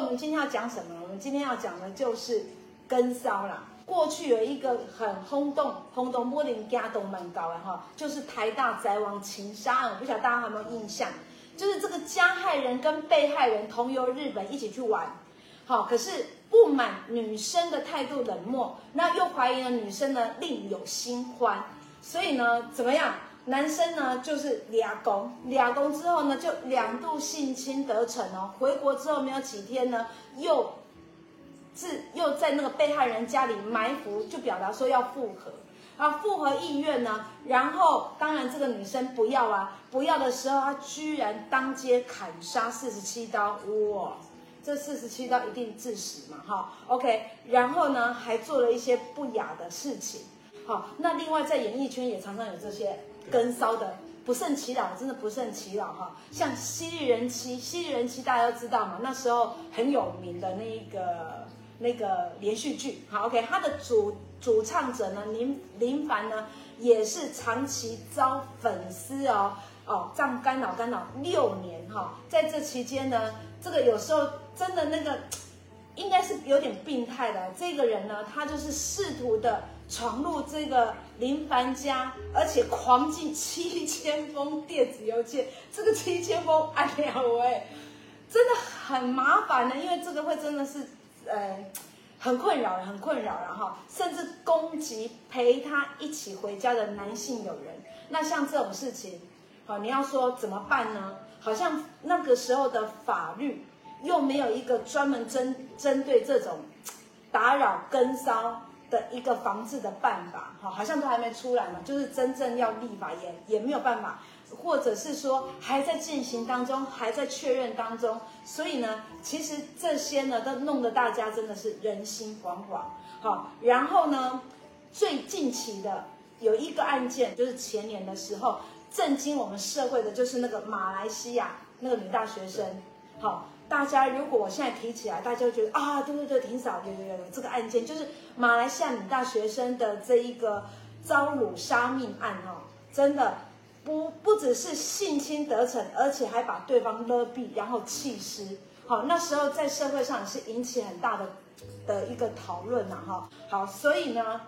我們今天要講什麼呢？我們今天要講的，就是跟騷了。過去有一個很轟動、轟動、摩 o r i 加都蠻高的哈、哦，就是台大宅王情殺案，我不曉得大家還有沒有印象？就是這個加害人跟被害人同遊日本一起去玩，好、哦，可是不滿女生的態度冷漠，那又懷疑呢？女生呢另有新歡，所以呢，怎麼樣？男生呢，就是倆拱，倆拱之後呢，就兩度性侵得逞哦。回國之後沒有幾天呢，又，自又在那個被害人家裡埋伏，就表達說要復合，啊，復合意願呢，然後當然這個女生不要啊，不要的時候，她居然當街砍殺四十七刀，哇，這四十七刀一定致死嘛，哈，OK，然後呢，還做了一些不雅的事情，好，那另外在演藝圈也常常有這些。跟騷的不勝其擾，真的不勝其擾哈、哦！像《犀利人妻》，《犀利人妻》大家都知道嘛，那時候很有名的那個那個連續劇。好，OK，他的主主唱者呢，林林凡呢，也是長期遭粉絲哦哦這樣干擾干擾六年哈、哦。在這期間呢，這個有時候真的那個應該是有點病態的這個人呢，他就是試圖的闖入這個。林凡家，而且狂寄七千封電子郵件，這個七千封，哎呀喂，真的很麻煩呢，因為這個會真的是，呃，很困擾，很困擾，然後甚至攻擊陪他一起回家的男性友人。那像這種事情，好，你要說怎麼辦呢？好像那個時候的法律又沒有一個專門針針對這種打擾、跟騷。的一個防治的辦法，哈，好像都還沒出來嘛，就是真正要立法也也沒有辦法，或者是說還在進行當中，還在確認當中，所以呢，其實這些呢都弄得大家真的是人心惶惶，好，然後呢，最近期的有一個案件，就是前年的時候震驚我們社會的，就是那個馬來西亞那個女大學生，好。大家如果我現在提起來，大家會覺得啊，對對對，挺少的這個案件，就是馬來西亞女大學生的這一個遭擄殺命案哦，真的不不只是性侵得逞，而且還把對方勒斃，然後棄屍。好、哦，那時候在社會上是引起很大的的一個討論吶、啊、哈、哦。好，所以呢，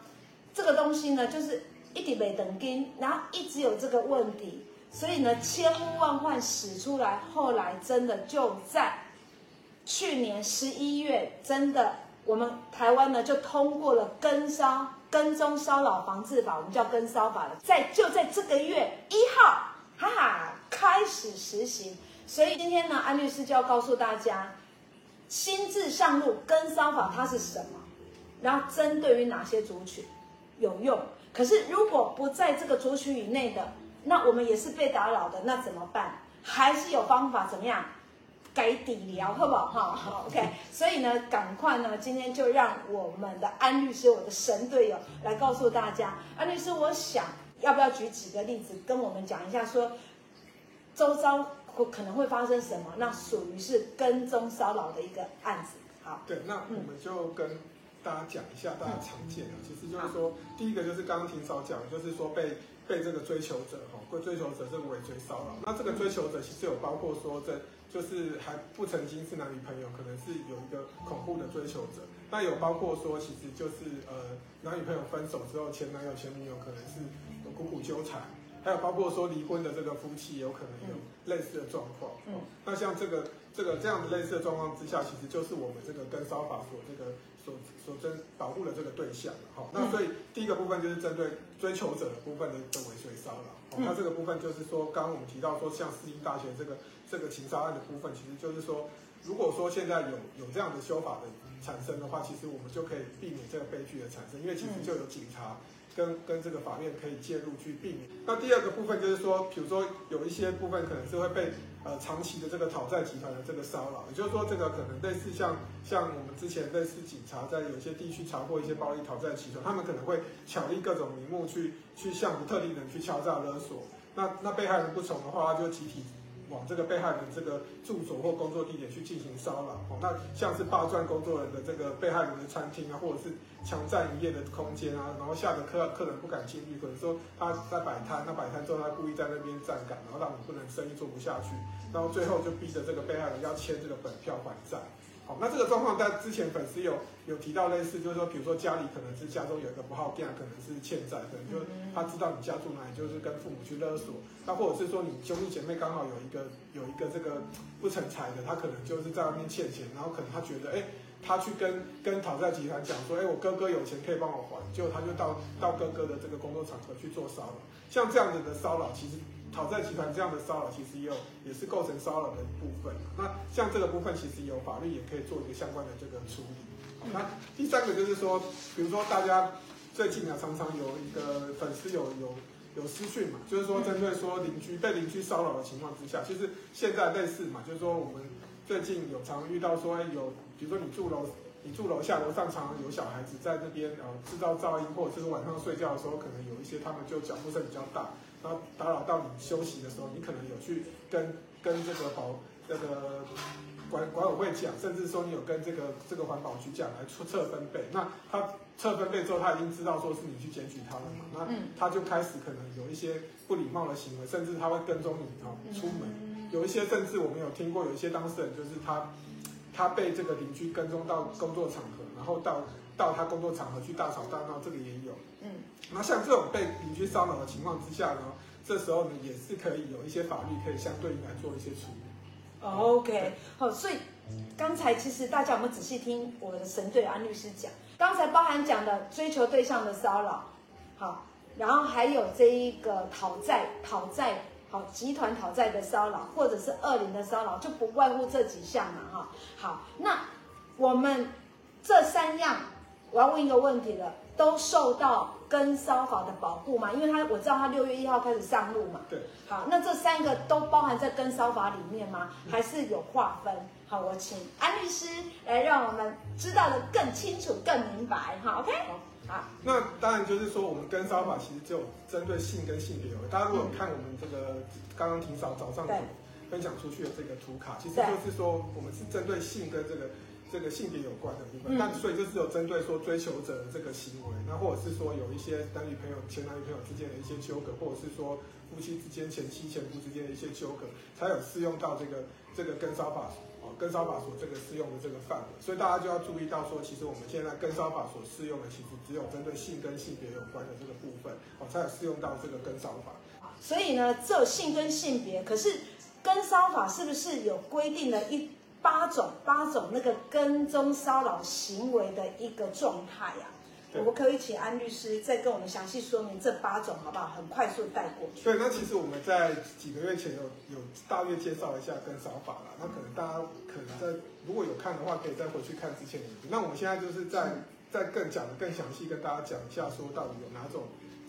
這個東西呢，就是一滴沒等定，然後一直有這個問題，所以呢，千呼萬喚始出來，後來真的就在。去年十一月，真的，我們台灣呢就通過了《跟騷跟蹤騷擾防治法》，我們叫《跟騷法》了，在就在這個月一號，哈哈，開始實行。所以今天呢，安律師就要告訴大家，《新制上路跟騷法》它是什麼，然後針對於哪些族群有用。可是如果不在這個族群以內的，那我們也是被打擾的，那怎麼辦？還是有方法？怎麼樣？改底聊，好不好？好，好，OK。所以呢，趕快呢，今天就讓我們的安律師，我的神隊友，來告訴大家。安律師，我想要不要舉幾個例子，跟我們講一下說，說周遭可能會發生什麼？那屬於是跟蹤騷擾的一個案子。好，對，那我們就跟大家講一下，嗯、大家常見的，其實就是說，好第一個就是剛剛霆嫂講，就是說被。被這個追求者、被追求者這個尾追騷擾，那這個追求者其實有包括說，這就是還不曾經是男女朋友，可能是有一個恐怖的追求者；那有包括說，其實就是呃男女朋友分手之後，前男友前女友可能是有苦苦糾纏，還有包括說離婚的這個夫妻，有可能有類似的狀況。嗯，那像這個這個這樣的類似的狀況之下，其實就是我們這個跟騷法所這個。所所針保護的這個對象好。那所以、嗯、第一個部分就是針對追求者的部分的一個尾隨騷擾，那這個部分就是說，剛剛我們提到說，像四一大學這個這個情殺案的部分，其實就是說，如果說現在有有這樣的修法的產生的話，其實我們就可以避免這個悲劇的產生，因為其實就有警察。嗯跟跟這個法院可以介入去避免。那第二個部分就是說，比如說有一些部分可能是會被呃長期的這個討債集團的這個騷擾，也就是說這個可能類似像像我們之前類似警察在有些地區查獲一些暴力討債集團，他們可能會巧立各種名目去去向不特定人去敲詐勒索。那那被害人不從的話，他就集體。往這個被害人這個住所或工作地點去進行騷擾，哦，那像是霸佔工作人的這個被害人的餐廳啊，或者是強佔營業的空間啊，然後嚇得客客人不敢進去，或者說他在擺攤，他擺攤之後他故意在那邊站崗，然後讓你不能生意做不下去，然後最後就逼着這個被害人要簽這個本票還債。好，那這個狀況在之前粉絲有有提到類似，就是說，比如說家裡可能是家中有一個不好的，可能是欠債的，可能就他知道你家住哪裡，就是跟父母去勒索，那或者是說你兄弟姐妹剛好有一個有一個這個不成才的，他可能就是在外面欠錢，然後可能他覺得，哎、欸，他去跟跟討債集團講說，哎、欸，我哥哥有錢可以幫我還，結果他就到到哥哥的這個工作場合去做騷擾，像這樣子的騷擾，其實。討債集團這樣的騷擾，其實也有也是構成騷擾的一部分。那像這個部分，其實有法律也可以做一個相關的這個處理。那第三個就是說，比如說大家最近啊，常常有一個粉絲有有有私訊嘛，就是說針對說鄰居被鄰居騷擾的情況之下，其實現在類似嘛，就是說我們最近有常遇到說有，比如說你住樓。你住樓下，樓上常常有小孩子在那邊啊制造噪音，或者是晚上睡覺的時候，可能有一些他們就腳步聲比較大，然後打擾到你休息的時候，你可能有去跟跟這個保那個管管委會講，甚至說你有跟這個這個環保局講來測分貝。那他測分貝之後，他已經知道說是你去檢舉他了嘛，那他就開始可能有一些不禮貌的行為，甚至他會跟蹤你啊出門，有一些甚至我們有聽過，有一些當事人就是他。他被這個鄰居跟蹤到工作場合，然後到到他工作場合去大吵大鬧，這個也有。嗯，那像這種被鄰居騷擾的情況之下呢，這時候呢也是可以有一些法律可以相對應來做一些處理。OK，、嗯、好，所以、嗯、剛才其實大家有沒有仔細聽我的神隊安、啊、律師講，剛才包含講的追求對象的騷擾，好，然後還有這一個討債，討債。好，集團討債的騷擾，或者是惡鄰的騷擾，就不外乎這幾項嘛，哈。好，那我們這三樣，我要問一個問題了，都受到跟騷法的保護嗎？因為他我知道他六月一號開始上路嘛，對。好，那這三個都包含在跟騷法裡面嗎？還是有劃分？好，我請安律師來讓我們知道的更清楚、更明白，哈，OK。那當然就是說，我們跟騷法其實只有針對性跟性別有關。大家如果看我們這個剛剛霆嫂早上分享出去的這個圖卡，對其實就是說我們是針對性跟這個這個性別有關的部分。那對所以就是有針對說追求者的這個行為，那或者是說有一些男女朋友、前男女朋友之間的一些糾葛，或者是說夫妻之間、前妻前夫之間的一些糾葛，才有適用到這個這個跟騷法。哦，跟騷法所這個適用的這個範圍，所以大家就要注意到說，其實我們現在跟騷法所適用的，其實只有針對性跟性別有關的這個部分，哦，才有適用到這個跟騷法。所以呢，這性跟性別，可是跟騷法是不是有規定了一八種八種那個跟蹤騷擾行為的一個狀態啊？對，我們可以請安律師再跟我們詳細說明這八種，好不好？很快速帶過去。對，那其實我們在幾個月前有有大約介紹一下跟騷法啦，那可能大家可能在、嗯、如果有看的話，可以再回去看之前的影片。那我們現在就是在。是再更講的更詳細，跟大家講一下，說到底有哪種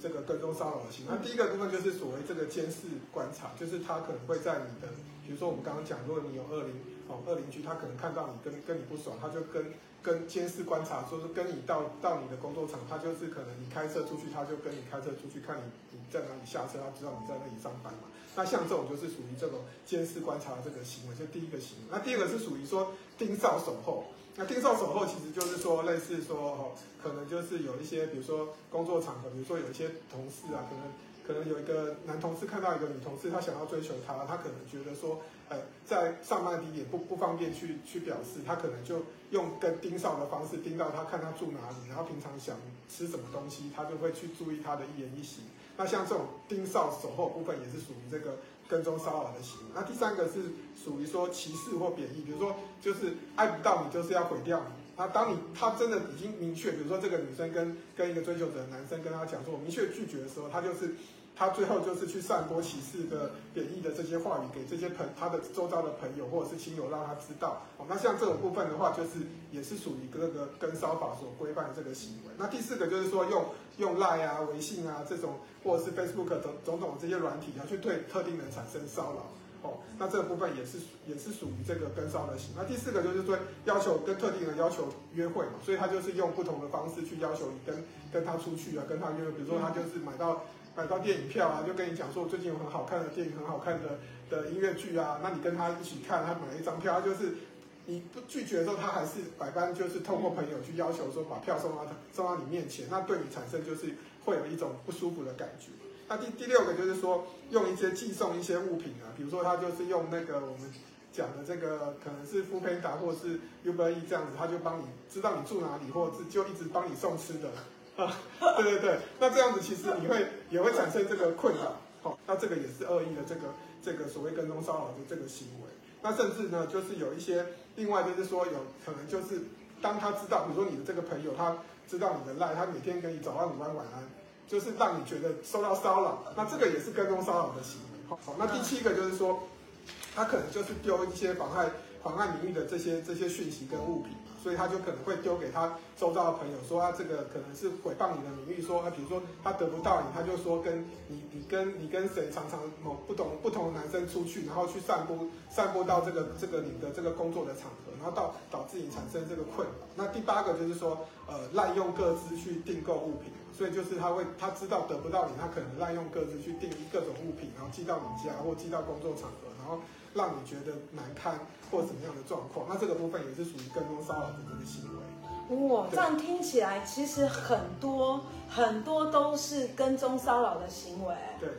這個跟蹤騷擾的行為。那第一個部分就是所謂這個監視觀察，就是他可能會在你的，比如說我們剛剛講，如果你有惡鄰、哦，哦惡鄰居，他可能看到你跟跟你不爽，他就跟跟監視觀察，說是跟你到到你的工作場，他就是可能你開車出去，他就跟你開車出去看你你在哪裡下車，他知道你在那裡上班嘛。那像這種就是屬於這種監視觀察的這個行為，這第一個行為。那第二個是屬於說盯梢守候。那盯梢守候其實就是說，類似說，哦，可能就是有一些，比如說工作場合，比如說有一些同事啊，可能可能有一個男同事看到一個女同事，他想要追求她，他可能覺得說，呃，在上班的地點不不方便去去表示，他可能就用跟盯梢的方式盯到她，看她住哪裡，然後平常想吃什麼東西，他就會去注意她的一言一行。那像這種盯梢守候部分也是屬於這個。跟蹤騷擾的行為。那第三個是屬於說歧視或貶義，比如說就是愛不到你，就是要毀掉你。那當你他真的已經明確，比如說這個女生跟跟一個追求者的男生跟他講說，我明確拒絕的時候，他就是。他最後就是去散播歧視的、貶義的這些話語給這些朋他的周遭的朋友或者是親友，讓他知道哦。那像這種部分的話，就是也是屬於哥哥跟騷法所規範的這個行為。那第四個就是說用用 Line 啊、微信啊這種，或者是 Facebook 種種這些軟體啊，要去對特定人產生騷擾哦。那這個部分也是也是屬於這個跟騷的行為。那第四個就是說要求跟特定人要求約會嘛，所以他就是用不同的方式去要求你跟跟他出去啊，跟他約會。比如說他就是買到。嗯買到電影票啊，就跟你講說最近有很好看的電影，很好看的的音樂劇啊，那你跟他一起看，他買一張票，他就是你不拒絕的時候，他還是百般就是通過朋友去要求說把票送到他送到你面前，那對你產生就是會有一種不舒服的感覺。那第第六個就是說用一些寄送一些物品啊，比如說他就是用那個我們講的這個可能是 foodpanda 或是 Uber E 這樣子，他就幫你知道你住哪裡，或是就一直幫你送吃的。啊，對對對，那這樣子其實你會也會產生這個困擾，哦，那這個也是惡意的這個這個所謂跟蹤騷擾的這個行為。那甚至呢，就是有一些另外就是說有可能就是當他知道，比如說你的這個朋友他知道你的賴，他每天給你早安、午安、晚安，就是讓你覺得受到騷擾，那這個也是跟蹤騷擾的行為。好、哦，那第七個就是說，他可能就是丟一些妨害妨害名譽的這些這些訊息跟物品。所以他就可能會丟給他周遭的朋友說，說、啊、他這個可能是誹謗你的名譽，說啊，比如說他得不到你，他就說跟你、你跟你跟誰常常某不同不同的男生出去，然後去散播散播到這個這個你的這個工作的場合，然後到導致你產生這個困擾。那第八個就是說，呃，濫用個資去訂購物品，所以就是他會他知道得不到你，他可能濫用個資去訂各種物品，然後寄到你家或寄到工作場合，然後，讓你覺得難堪或怎麼樣的狀況，那這個部分也是屬於跟蹤騷擾的這個行為。哇、哦，這樣聽起來對其實很多很多都是跟蹤騷擾的行為。對。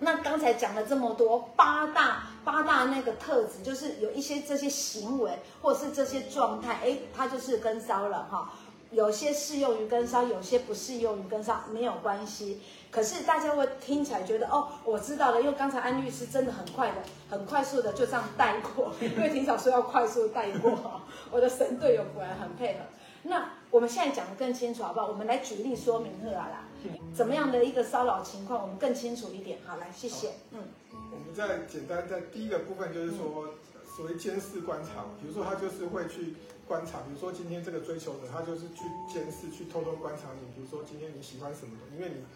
那剛才講了這麼多，八大八大那個特質，就是有一些這些行為或者是這些狀態，哎，他就是跟騷擾哈。哦有些適用於跟騷，有些不適用於跟騷，沒有關係。可是大家會聽起來覺得，哦，我知道了，因為剛才安律師真的很快的，很快速的就這樣帶過，因為霆嫂說要快速帶過，我的神隊友果然很配合。那我們現在講得更清楚好不好？我們來舉例說明一下啦，怎麼樣的一個騷擾情況，我們更清楚一點。好，來，謝謝。好嗯，我們再簡單，在第一個部分就是說。嗯所謂監視觀察，比如說他就是會去觀察，比如說今天這個追求者，他就是去監視，去偷偷觀察你，比如說今天你喜歡什麼東西，因為你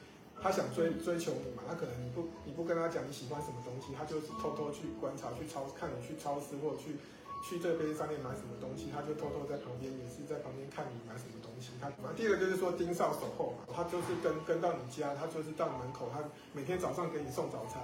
他想追追求你嘛，他可能你不你不跟他講你喜歡什麼東西，他就是偷偷去觀察，去超看你去超市或者去去這邊商店買什麼東西，他就偷偷在旁邊也是在旁邊看你買什麼東西。他第二個就是說盯梢守候嘛，他就是跟跟到你家，他就是到你門口，他每天早上給你送早餐。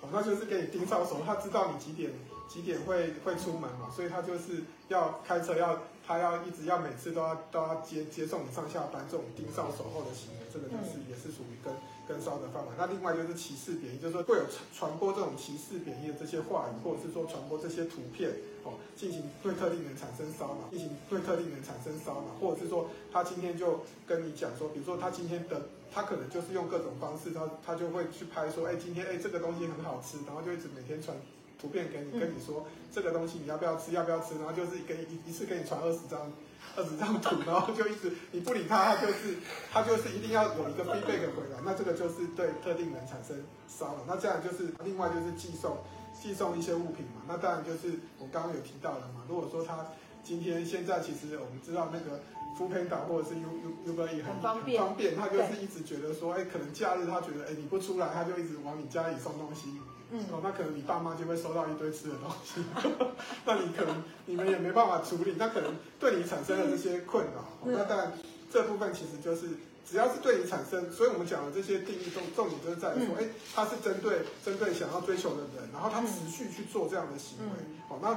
哦，那就是給你盯上手，他知道你幾點幾點會會出門嘛，所以他就是要開車要他要一直要每次都要都要接接送你上下班，這種盯上守候的行為，這個就是也是屬於跟跟騷的方法，那另外就是歧視貶義，就是說會有傳傳播這種歧視貶義的這些話語，或者是說傳播這些圖片哦，進行對特定人產生騷擾，進行對特定人產生騷擾，或者是說他今天就跟你講說，比如說他今天的他可能就是用各種方式，他他就會去拍說，哎今天哎這個東西很好吃，然後就一直每天傳圖片給你，跟你說、嗯、這個東西你要不要吃，要不要吃，然後就是給一一,一次給你傳二十張。二十張圖，然後就一直你不理他，他就是他就是一定要有一個必備的 b a c k 回來，那這個就是對特定人產生騷擾。那這樣就是另外就是寄送寄送一些物品嘛。那當然就是我剛剛有提到了嘛。如果說他今天現在其實我們知道那個福佩導或者是 U U Uber 也很方便，方便他就是一直覺得說哎對、欸，可能假日他覺得哎、欸、你不出來，他就一直往你家裡送東西。嗯，哦，那可能你爸媽就會收到一堆吃的東西呵呵，那你可能你們也沒辦法處理，那可能對你產生了一些困擾，嗯哦。那但這部分其實就是只要是對你產生，所以我們講的這些定義重重點就是在於說，哎、欸，他是針對針對想要追求的人，然後他持續去做這樣的行為，嗯、哦，那。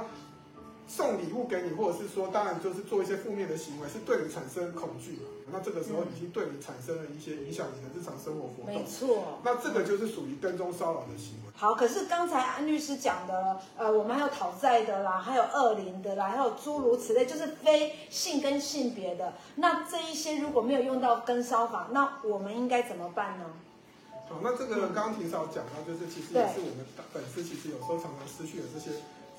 送禮物給你，或者是說，當然就是做一些負面的行為，是對你產生恐懼。那這個時候已經對你產生了一些影響你的日常生活活動。沒錯。那這個就是屬於跟蹤騷擾的行為。好，可是剛才安律師講的，呃，我們還有討債的啦，還有惡靈的啦，還有諸如此類，就是非性跟性別的。那這一些如果沒有用到跟騷法，那我們應該怎麼辦呢？好，那這個剛剛霆嫂講到，就是其實也是我們粉絲其實有時候常常失去的這些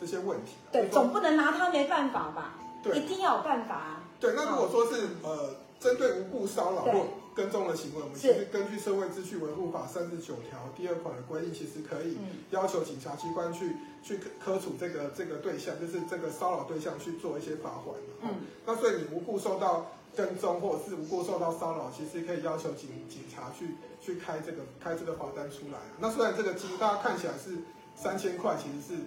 這些問題。對，總不能拿他沒辦法吧？對，一定要有辦法啊。對，那如果說是呃，針對無故騷擾或跟蹤的行為，我們其實根據《社會秩序維護法》三十九條第二款的規定，其實可以要求警察機關去去科處這個這個對象，就是這個騷擾對象去做一些罰款。嗯，那所以你無故受到。跟蹤或者是無故受到騷擾，其實可以要求警警察去去開這個開這個罰單出來啊。那雖然這個金大家看起來是三千塊，其實是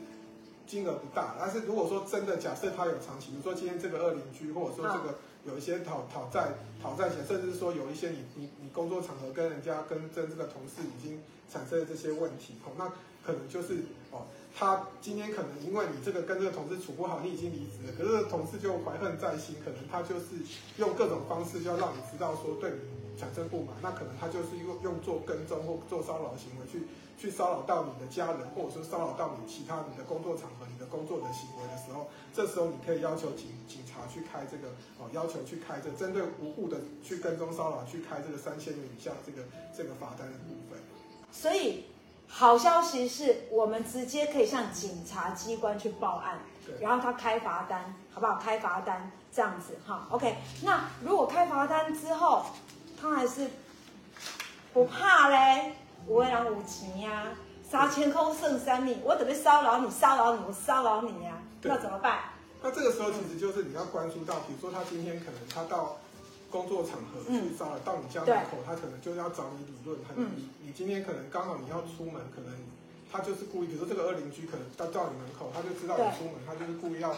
金額不大，但是如果說真的假設他有長期，比如說今天這個二鄰居，或者說這個有一些討討債討債錢，甚至說有一些你你你工作場合跟人家跟跟這個同事已經。產生的這些問題，哦，那可能就是哦，他今天可能因為你這個跟這個同事處不好，你已經離職了，可是同事就懷恨在心，可能他就是用各種方式要讓你知道說對你產生不滿，那可能他就是用用做跟蹤或做騷擾行為去去騷擾到你的家人，或者說騷擾到你其他你的工作場合、你的工作的行為的時候，這時候你可以要求警警察去開這個哦，要求去開這個針對無故的去跟蹤騷擾去開這個三千元以下這個這個罰單的部分。所以好消息是我們直接可以向警察機關去報案，對然後他開罰單，好不好？開罰單這樣子哈，OK。那如果開罰單之後，他還是不怕嘞，無畏狼無極呀，殺、啊嗯、千空剩三命，我準備騷擾你，騷擾你，我騷擾你呀、啊，對要怎麼辦？那這個時候其實就是你要關注到，嗯、比如說他今天可能他到。工作場合去找，到你家門口，嗯、他可能就要找你理論。對他可能你你今天可能剛好你要出門，嗯、可能他就是故意。比如說這個二鄰居可能到到你門口，他就知道你出門，對他就是故意要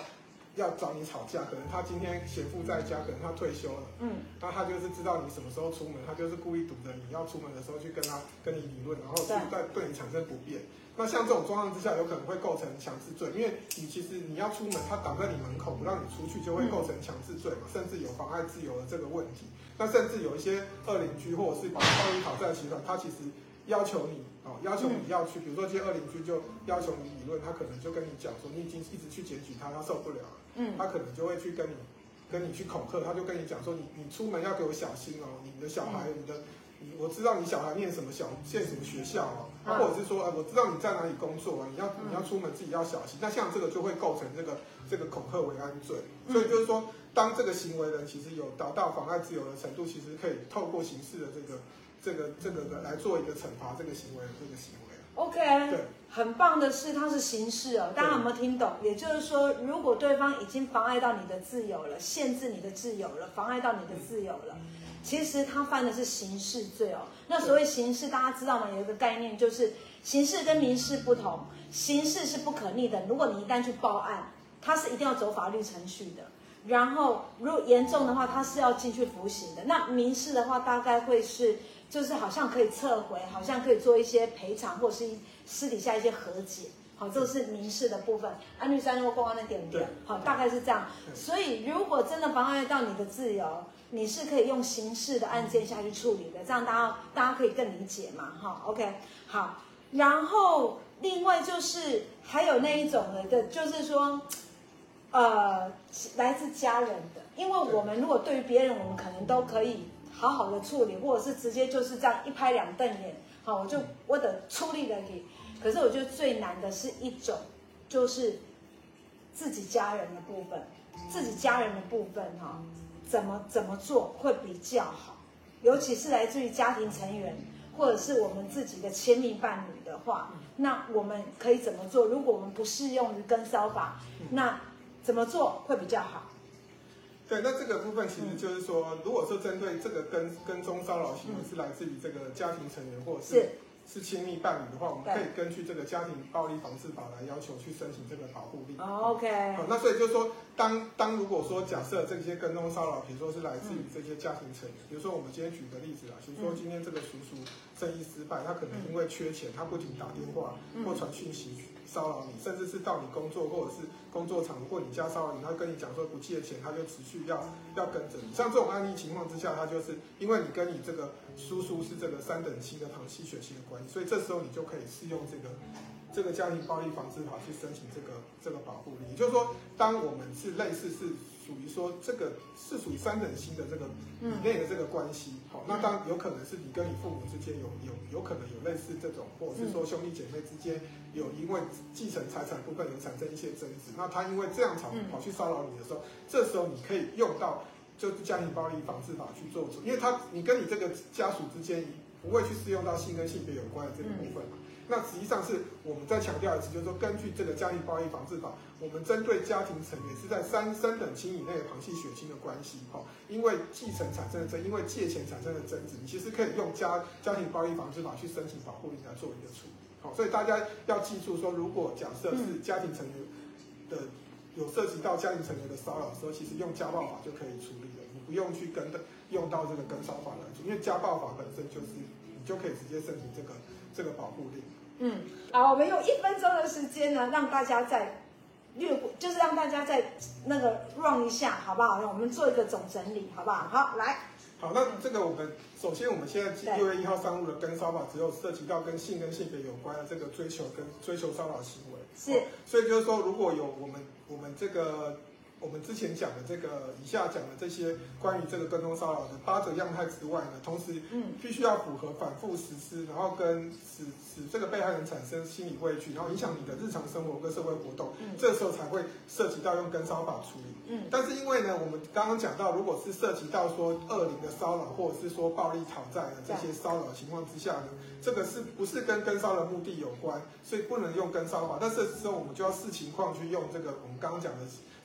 要找你吵架。可能他今天閒賦在家，嗯、可能他退休了，嗯，那他就是知道你什麼時候出門，他就是故意堵着你要出門的時候去跟他跟你理論，然後在對，對你產生不便。那像這種狀況之下，有可能會構成強制罪，因為你其實你要出門，他擋在你門口不讓你出去，就會構成強制罪嘛，嗯、甚至有妨礙自由的這個問題。那甚至有一些惡鄰居或者是暴力討債集團，他其實要求你哦，要求你要去，嗯、比如說一些惡鄰居就要求你理論，他可能就跟你講說，你已經一直去檢舉他，他受不了了，嗯，他可能就會去跟你跟你去恐嚇，他就跟你講說你，你你出門要給我小心哦，你的小孩，嗯、你的。我知道你小孩念什麼小念什麼學校啊，啊，或者是說、哎，我知道你在哪裡工作啊，你要、啊、你要出門自己要小心。那像這個就會構成這個這個恐嚇危安罪，所以就是說，當這個行為呢，其實有達到妨礙自由的程度，其實可以透過刑事的這個這個這個的來做一個懲罰這個行為的這個行為。OK，對，很棒的是它是刑事哦，大家有沒有聽懂？對也就是說，如果對方已經妨礙到你的自由了，限制你的自由了，妨礙到你的自由了。嗯其實他犯的是刑事罪哦。那所謂刑事，大家知道嗎？有一個概念，就是刑事跟民事不同。刑事是不可逆的，如果你一旦去報案，他是一定要走法律程序的。然後如果嚴重的話，他是要進去服刑的。那民事的話，大概會是就是好像可以撤回，好像可以做一些賠償，或是私底下一些和解。好，這，就是民事的部分。對安律師如果公安的點點，好，大概是這樣。所以如果真的妨礙到你的自由，你是可以用刑事的案件下去處理的。這樣大家大家可以更理解嘛，哈，OK，好，然後另外就是還有那一種的，就是說，呃，來自家人的，因為我們如果對於別人，我們可能都可以好好的處理，或者是直接就是這樣一拍兩瞪眼，好，我就我的處理了你，可是我覺得最難的是一種，就是自己家人的部分，自己家人的部分，哈。怎麼怎麼做會比較好？尤其是來自於家庭成員，或者是我們自己的親密伴侶的話，那我們可以怎麼做？如果我們不適用於跟騷法，那怎麼做會比較好？對，那這個部分其實就是說，嗯、如果說針對這個跟跟蹤騷擾行為是來自於這個家庭成員，嗯、或者是。是是親密伴侶的話，我們可以根據這個家庭暴力防治法來要求去申請這個保護令。Oh, OK。嗯。那所以就是說，當當如果說假設這些跟蹤騷擾，比如說，是來自於這些家庭成員，比如說我們今天舉個例子啦，比如說今天這個叔叔生意失敗，他可能因為缺錢，他不停打電話或傳訊息騷擾你，甚至是到你工作或者是。工作場，如果你家騷擾了你，他跟你講說不借錢，他就持續要要跟着你。像這種案例情況之下，他就是因為你跟你這個叔叔是這個三等親的旁系血親的關係，所以這時候你就可以適用這個這個家庭暴力防治法去申請這個這個保護令。也就是說，當我們是類似是。屬於說，這個是屬於三等親的這個以內的這個關係，好、嗯，那當然有可能是你跟你父母之間有有有可能有類似這種，或者是說兄弟姐妹之間有因為繼承財產部分有產生一些爭執，那他因為這樣吵跑去騷擾你的時候，嗯、這時候你可以用到就是家庭暴力防治法去做主。因為他你跟你這個家屬之間不會去適用到性跟性別有關的這個部分嘛。嗯那實際上是我們再強調一次，就是說，根據這個家庭暴力防治法，我們針對家庭成員是在三三等親以內旁系血親的關係，哈、哦，因為繼承產生的爭，因為借錢產生的爭執，你其實可以用家家庭暴力防治法去申請保護令來做一個處理，好、哦，所以大家要記住說，如果假設是家庭成員的有涉及到家庭成員的騷擾的時候，其實用家暴法就可以處理了，你不用去跟的用到這個跟騷法了，因為家暴法本身就是你就可以直接申請這個。這個保護令，嗯，好，我們用一分鐘的時間呢，讓大家再略過，就是讓大家再那個 run 一下，好不好？讓我們做一個總整理，好不好？好，來，好，那這個我們首先我們現在六月一號上路的跟騷法只有涉及到跟性跟性別有關的這個追求跟追求騷擾行為，是、哦，所以就是說，如果有我們我們這個。我們之前講的這個，以下講的這些關於這個跟蹤騷擾的八種樣態之外呢，同時，嗯，必須要符合反覆實施，然後跟使使這個被害人產生心理畏懼，然後影響你的日常生活跟社會活動，嗯，這時候才會涉及到用跟騷法處理。嗯，但是因為呢，我們剛剛講到，如果是涉及到說惡鄰的騷擾，或者是說暴力討債的這些騷擾情況之下呢，嗯，這個是不是跟跟騷的目的有關，所以不能用跟騷法。但這時候我們就要視情況去用這個我們剛剛講的。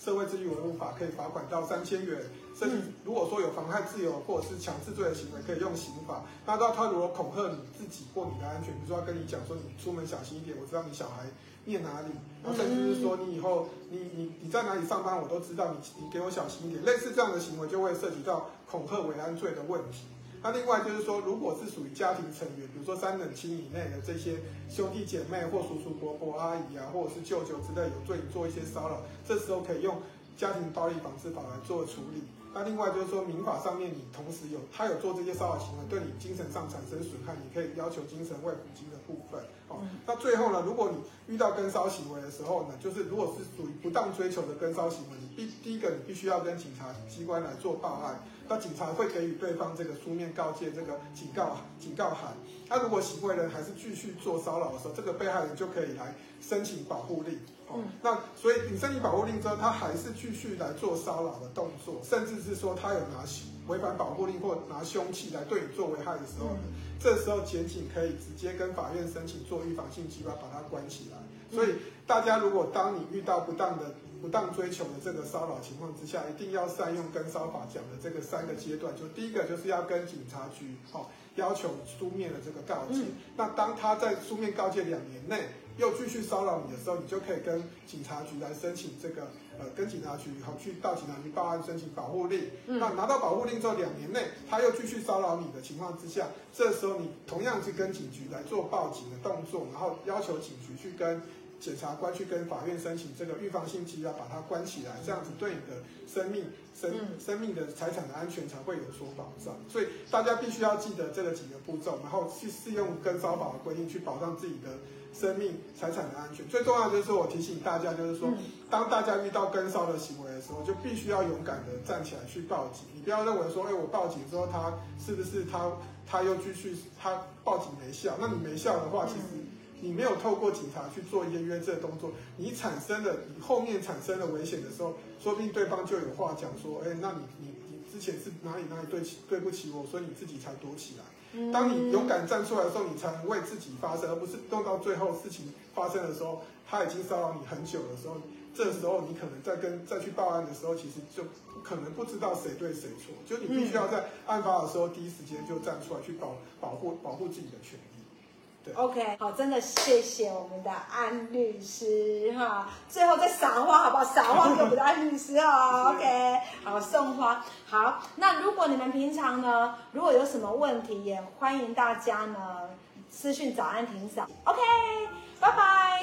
社會秩序維護法可以罰款到三千元，甚至如果說有妨害自由或者是強制罪的行為，可以用刑法。那到他如果恐嚇你自己或你的安全，比如說他跟你講說，你出門小心一點，我知道你小孩念哪裡，然後甚至是說你以後你你你，你在哪裡上班，我都知道，你你給我小心一點，類似這樣的行為就會涉及到恐嚇、危安罪的問題。那另外就是說，如果是屬於家庭成員，比如說三等親以內的這些兄弟姐妹或叔叔伯伯阿姨啊，或者是舅舅之類，有對你做一些騷擾，這時候可以用家庭暴力防治法來做處理。那另外就是說，民法上面你同時有他有做這些騷擾行為，對你精神上產生損害，你可以要求精神慰撫金的部分。哦，那最後呢，如果你遇到跟騷行為的時候呢，就是如果是屬於不當追求的跟騷行為，你必第一個你必須要跟警察機關來做報案，那警察會給予對方這個書面告誡，這個警告警告函。那如果行為人還是繼續做騷擾的時候，這個被害人就可以來申請保護令。嗯，那所以你申請保護令之後，他還是繼續來做騷擾的動作，甚至是說他有拿違反保護令或拿兇器來對你做危害的時候呢，嗯、這時候檢警可以直接跟法院申請做預防性羈押，把他關起來。所以大家如果當你遇到不當的、嗯、不當追求的這個騷擾情況之下，一定要善用跟騷法講的這個三個階段，就第一個就是要跟警察局哦，要求書面的這個告誡。嗯、那當他在書面告誡兩年內，又繼續騷擾你的時候，你就可以跟警察局來申請這個，呃，跟警察局好去到警察局報案申請保護令。嗯、那拿到保護令之後，兩年內他又繼續騷擾你的情況之下，這時候你同樣去跟警局來做報警的動作，然後要求警局去跟檢察官去跟法院申請這個預防性羈押，把他關起來，這樣子對你的生命、生生命的財產的安全才會有所保障。所以大家必須要記得這個幾個步驟，然後去適用跟騷擾的規定去保障自己的。生命財產的安全，最重要的就是我提醒大家，就是說，當大家遇到跟騷的行為的時候，就必須要勇敢的站起來去報警。你不要認為說，哎，我報警之後，他是不是他他又繼續，他報警沒效？那你沒效的話，其實你沒有透過警察去做一約制的動作，你產生了，你後面產生了危險的時候，說不定對方就有話講說，哎，那你你你之前是哪裡哪裡對起對不起我，所以你自己才躲起來。當你勇敢站出來的時候，你才能為自己發聲，而不是弄到最後事情發生的時候，他已經騷擾你很久的時候，這個、時候你可能再跟再去報案的時候，其實就可能不知道誰對誰錯，就你必須要在案發的時候、嗯、第一時間就站出來去保保護保護自己的權利。對 OK，好，真的謝謝我們的安律師哈，最後再撒花好不好？撒花給我們的安律師哦 ，OK，好送花，好，那如果你們平常呢，如果有什麼問題，也歡迎大家呢私訊找安霆嫂。OK，拜拜。